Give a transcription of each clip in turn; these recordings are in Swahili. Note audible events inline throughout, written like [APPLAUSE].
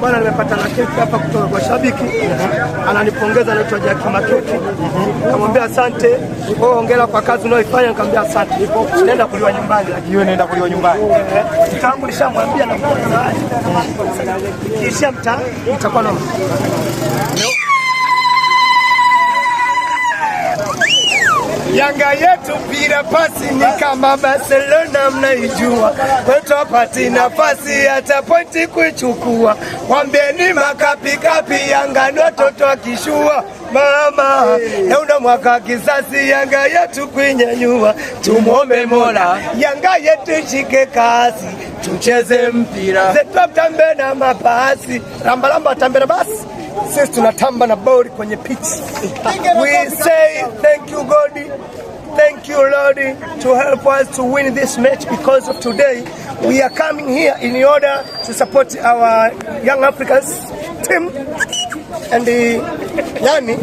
Bwana, nimepata na keki hapa kutoka kwa shabiki ananipongeza, anaitwa Jaki Makeki. Nikamwambia asante, wewe hongera kwa kazi unayoifanya. Nikamwambia asante, naenda kuliwa nyumbani. Hiyo naenda kuliwa nyumbani. Eh, tangu nishamwambia na kisha mtakuwa na yetu pira pasi ni kama Barcelona mnaijua, kwetu nafasi hata pointi kuichukua. Wambieni makapikapi Yanga ni watoto akishua mama yauna mwaka kisasi Yanga yetu kuinyanyua tumwombe Mola Yanga yetu shike kasi, tucheze mpira zetutambe na mapasi rambaramba na basi sisi tunatamba na boli kwenye pitch. We say thank you God. Thank you, Lord, to help us to win this match because of today. We are coming here in order to support our young Africans team. And uh, yani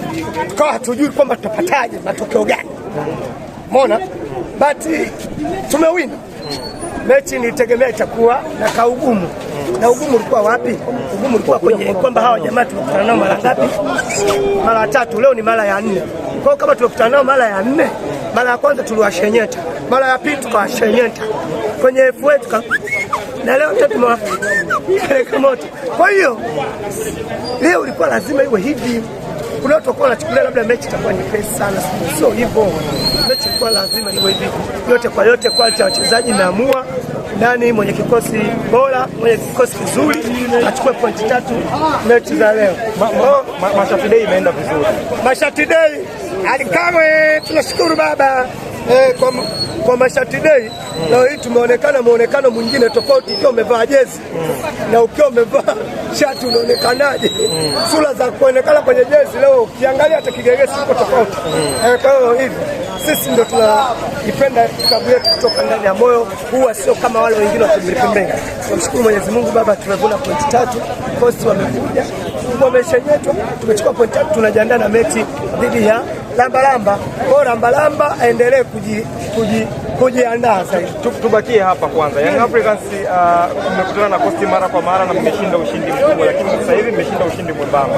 tukawa hatujui kwamba tutapataje matokeo gani. Mona, but uh, tumewin. Mechi nilitegemea itakuwa na kaugumu na ugumu ulikuwa wapi? Ugumu ulikuwa kwenye kwamba hawa jamaa tumekutana nao mara ngapi? Mara tatu, leo ni mara ya nne. Kwa kama tumekutana nao mara ya nne mara ya kwanza tuliwashenyeta, mara ya pili tukawashenyeta kwenye wetu ka na leo tena tumewapeleka moto. Kwa hiyo leo ulikuwa lazima iwe hivi. Kuna watu wakuwa wanachukulia labda mechi itakuwa nyepesi sana, sio hivyo. Mechi ilikuwa lazima iwe hivi, yote kwa yote. Kwanza wachezaji naamua nani mwenye kikosi bora, mwenye kikosi kizuri achukue pointi tatu mechi za leo. Mashati dei imeenda vizuri, mashati dei Alikamwe, tunashukuru baba eh, kwa, kwa Mashati Day leo hii tumeonekana muonekano mwingine tofauti, ukiwa umevaa jezi na ukiwa umevaa shati unaonekanaje? Mm. Sura za kuonekana kwenye jezi leo ukiangalia hata kigegesi uko tofauti. Mm. Eh, kwa hiyo hivi sisi ndio tunaipenda klabu yetu kutoka ndani ya moyo, huwa sio kama wale wengine pembeni. Tunamshukuru Mwenyezi Mungu baba, tumevuna pointi tatu, kosti wamekuja yetu, tumechukua pointi tatu, tunajiandaa na mechi dhidi ya lambalamba ko lambalamba aendelee kuji, kuji kujiandaa sasa. Tubakie hapa kwanza. Young Africans uh, mmekutana uh, na Coast mara kwa mara na mmeshinda ushindi mkubwa, lakini sasa hivi mmeshinda ushindi mwembamba.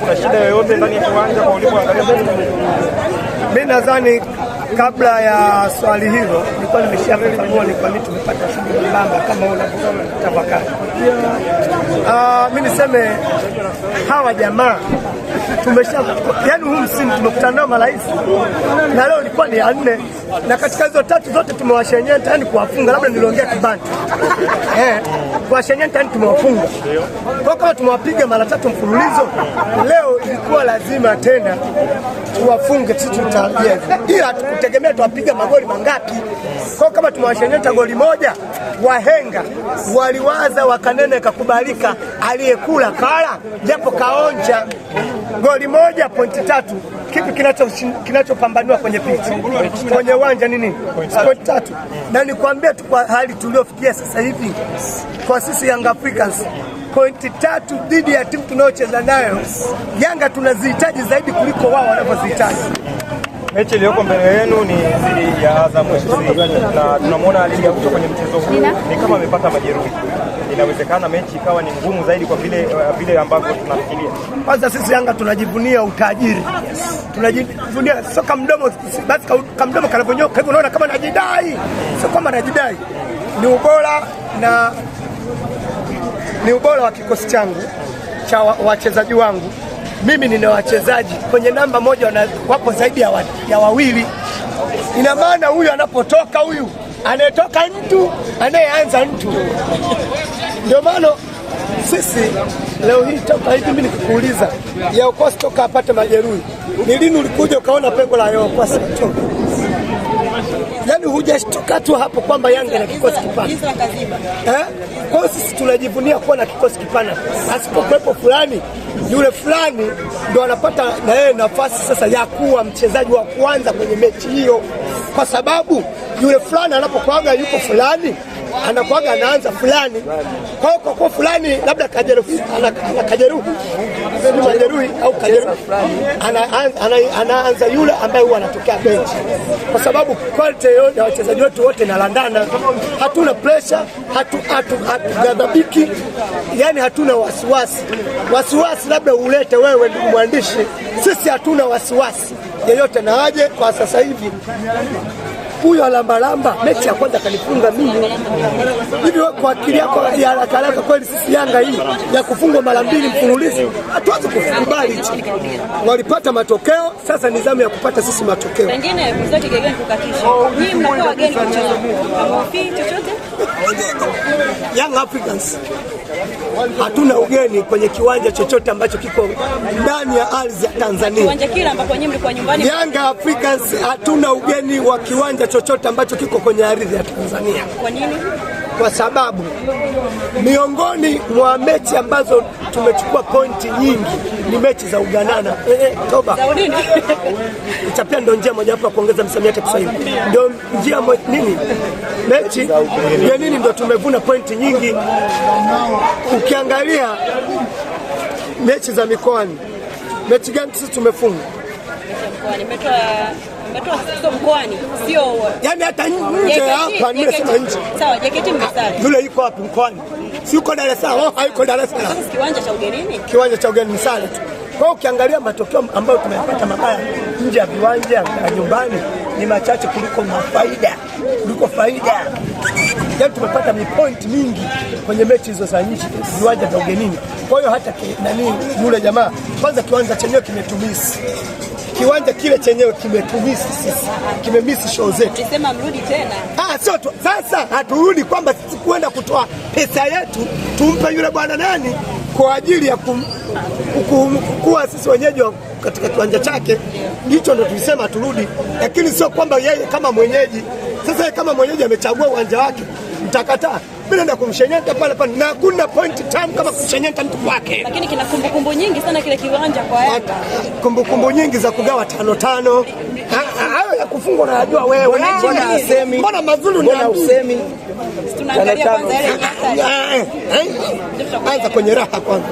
Kuna shida yoyote ndani ya kiwanja kwa ulipoangalia? Mimi nadhani Kabla ya swali hilo, nilikuwa nimeshafafanua ni kwa nini tumepata ushindi mwembamba kama unavyotafakari. Uh, ah, mi niseme hawa jamaa tumesha yani, huu msimu tumekutana nao marais na leo ilikuwa ni ya nne, na katika hizo tatu zote tumewashenyenta, yani kuwafunga, labda niliongea kibantu [LAUGHS] eh, kuwashenyenta, yani tumewafunga kwa kama tumewapiga mara tatu mfululizo leo ilikuwa lazima tena tuwafunge sisi, tutaambia hivyo, ila tukutegemea tuwapiga magoli mangapi? Kwa kama tumewashenyeta goli moja, wahenga waliwaza wakanene kakubalika aliyekula kala, japo kaonja. Goli moja pointi tatu, kipi kinachopambaniwa kinacho kwenye pichi kwenye uwanja nini? Pointi tatu, na nikwambie tu kwa hali tuliofikia sasa hivi kwa sisi Young Africans pointi tatu dhidi ya timu tunayocheza nayo Yanga tunazihitaji zaidi kuliko wao wanavyozihitaji. Mechi iliyoko mbele yenu ni dhidi ya Azam FC na tunamwona aliingia kutoka kwenye mchezo huu ni kama amepata majeruhi. Inawezekana mechi ikawa ni ngumu zaidi kwa vile eh, vile ambavyo tunafikiria. Kwanza sisi Yanga tunajivunia utajiri, tunajivunia kama mdomo, basi mdomo kanavyonyoka hivyo. Unaona kama najidai, sio kwamba najidai, ni ubora na ni ubora wa kikosi changu cha wachezaji wangu. Mimi nina wachezaji kwenye namba moja wana, wapo zaidi ya, wa, ya wawili. Ina maana huyu anapotoka huyu anayetoka mtu anayeanza mtu, ndio maana sisi leo hii toka hivi mimi nikikuuliza Yao toka apate majeruhi, ni lini ulikuja ukaona pengo la Yao toka kutoka yani hujashtuka tu hapo kwamba Yanga na kikosi kipana eh? Kwa hiyo sisi tunajivunia kuwa na kikosi kipana, asipokuwepo fulani yule fulani ndo anapata na yeye nafasi sasa ya kuwa mchezaji wa kwanza kwenye mechi hiyo, kwa sababu yule fulani anapokuaga yuko fulani anakuaga anaanza fulani kwa kwa kwa fulani, labda kajeruhi ana kajeruhi majeruhi au kajeruhi anaanza ana, ana, yule ambaye huwa anatokea benchi, kwa sababu quality ya wachezaji wetu wote nalandana, hatuna pressure, hatu hatu, hatu, yani hatuna wasiwasi wasiwasi, labda ulete wewe ndugu mwandishi, sisi hatuna wasiwasi yeyote na aje kwa sasa hivi huyo alambalamba mechi ya kwanza kanifunga mimi. Hivi kwa akili yako ya haraka haraka, kweli sisi Yanga hii ya kufungwa mara mbili mfululizo hatuwezi kukubali hicho. Walipata matokeo, sasa ni zamu ya kupata sisi matokeo. Pengine mzaki kukatisha mnakuwa wageni chochote Africans hatuna ugeni kwenye kiwanja chochote ambacho kiko ndani ya ardhi ya Tanzania. Yanga Africans hatuna ugeni wa kiwanja chochote ambacho kiko kwenye ardhi ya Tanzania. Kwa nini? kwa sababu miongoni mwa mechi ambazo tumechukua pointi nyingi ni mechi za uganana. eh, eh toba [LAUGHS] itapia ndo njia mojawapo ya kuongeza msamiati Kiswahili, ndio njia mo, nini mechi ya nini, ndo tumevuna pointi nyingi. Ukiangalia mechi za mikoani, mechi gani sisi tumefunga? so yaani hata nje hapa, nimesema nje. yule yuko wapi? Mkoani, si yuko Dar es Salaam? Hayuko Dar es Salaam, kiwanja cha ugenini, kiwanja cha ugenini, msali tu. Kwa hiyo ukiangalia matokeo ambayo tumeyapata mabaya nje ya viwanja na nyumbani ni machache kuliko mafaida kuliko faida. yani tumepata mipoint mingi kwenye mechi hizo za nje, viwanja vya ugenini. Kwa hiyo hata nani yule jamaa, kwanza kiwanja chenyewe kimetumisi kiwanja kile chenyewe kimetumisi sisi, kimemisi show zetu. Nisema mrudi tena. Ah, sio tu sasa, haturudi kwamba sisi kuenda kutoa pesa yetu tumpe yule bwana nani kwa ajili ya kuwa sisi wenyeji katika kiwanja chake hicho, ndo tulisema turudi, lakini sio kwamba yeye kama mwenyeji. Sasa yeye kama mwenyeji amechagua uwanja wake, mtakataa? bila na kumshenyeta pale pale, na hakuna point tamu kama kushenyeta mtu kwake. Lakini kina kumbukumbu nyingi sana kile kiwanja kwa Yanga, kumbukumbu nyingi za kugawa tano tano hayo ya kufungwa unajua wewe, mbona mazulu na usemi eh, eh, eh. anza kwenye raha kwanza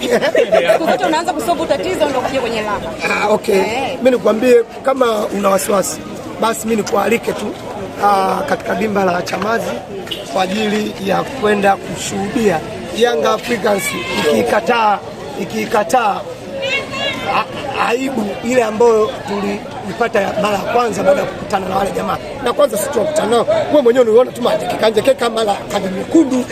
[LAUGHS] unaanza kusobu tatizo ndio kuja kwenye raha. Ah, okay. Mimi nikwambie kama una wasiwasi basi mimi nikualike tu uh, katika dimba la Chamazi kwa ajili ya kwenda kushuhudia Young Africans ikiikataa ikikataa aibu ile ambayo tulipata mara ya kwanza baada ya kukutana na wale jamaa. Na kwanza sisi tunakutana nao, wewe mwenyewe uliona tu majekekanjekeka mara kadi nyekundu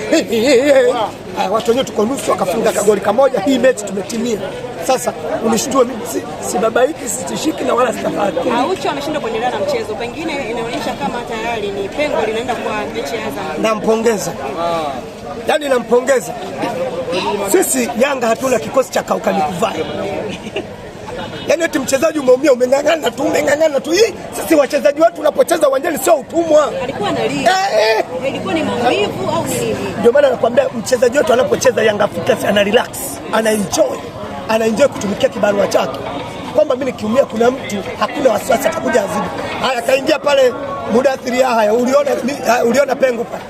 ah, watu wenyewe tuko nusu, wakafunga kagoli kamoja. Hii mechi tumetimia. Sasa unishtue mimi si, si baba hiki sitishiki na wala sitafahatika. Aucho ah, ameshindwa kuendelea na mchezo, pengine inaonyesha kama tayari ni pengo linaenda kwa mechi ya Azam. Nampongeza yaani, nampongeza. Sisi Yanga hatuna kikosi cha kaukani kuvai Yaani eti mchezaji umeumia, umeng'ang'ana tu, umeng'ang'ana tu. Hii sisi wachezaji wetu unapocheza uwanjani sio utumwa. Alikuwa analia. Eh, eh. Ilikuwa ni maumivu au nini? Ndio maana nakwambia mchezaji wetu anapocheza Yanga Africans ana relax, ana enjoy anaenjoy kutumikia kibarua chake, kwamba mimi nikiumia kuna mtu, hakuna wasiwasi atakuja azidi. Haya, kaingia pale Mudathiri, haya uliona, uh, uliona pengo pale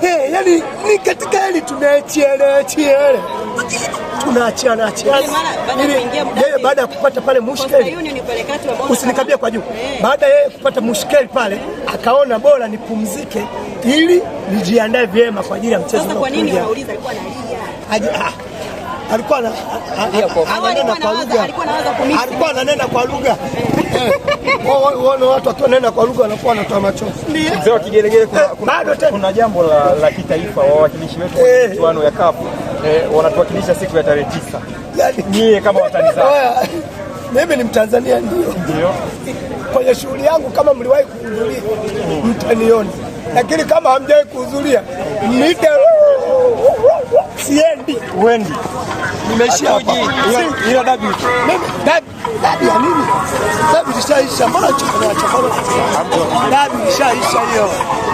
Hey, yani ni katika yani tunachiana chiana tunaachiana achiana yeye baada ya kupata pale mushkeli, usinikabia kwa juu. Eh. Baada yeye kupata mushkeli pale, akaona bora nipumzike ili nijiandae vyema kwa ajili ya mchezo. Kwa nini wauliza alikuwa analia? alikuwa ananena kwa lugha, alikuwa [LAUGHS] ananena kwa watu wakinena kwa lugha wanakuwa wanatoa machozi. Mzee wa kigelegele, kuna eh, jambo la kitaifa, wawakilishi wetu wa michuano eh. ya kafu eh, wanatuwakilisha siku ya tarehe tisa. Nyie kama Watanzania, [LAUGHS] mimi ni Mtanzania, ndio kwenye shughuli yangu. Kama mliwahi kuhudhuria mm. mtanioni, lakini kama hamjawahi kuhudhuria mite mm. Siendi. Uendi. Nimeishia uji. Hiyo dabi. Mimi dabi. Dabi ya nini? Dabi ishaisha. Mbona chakula chakula? Dabi ishaisha hiyo.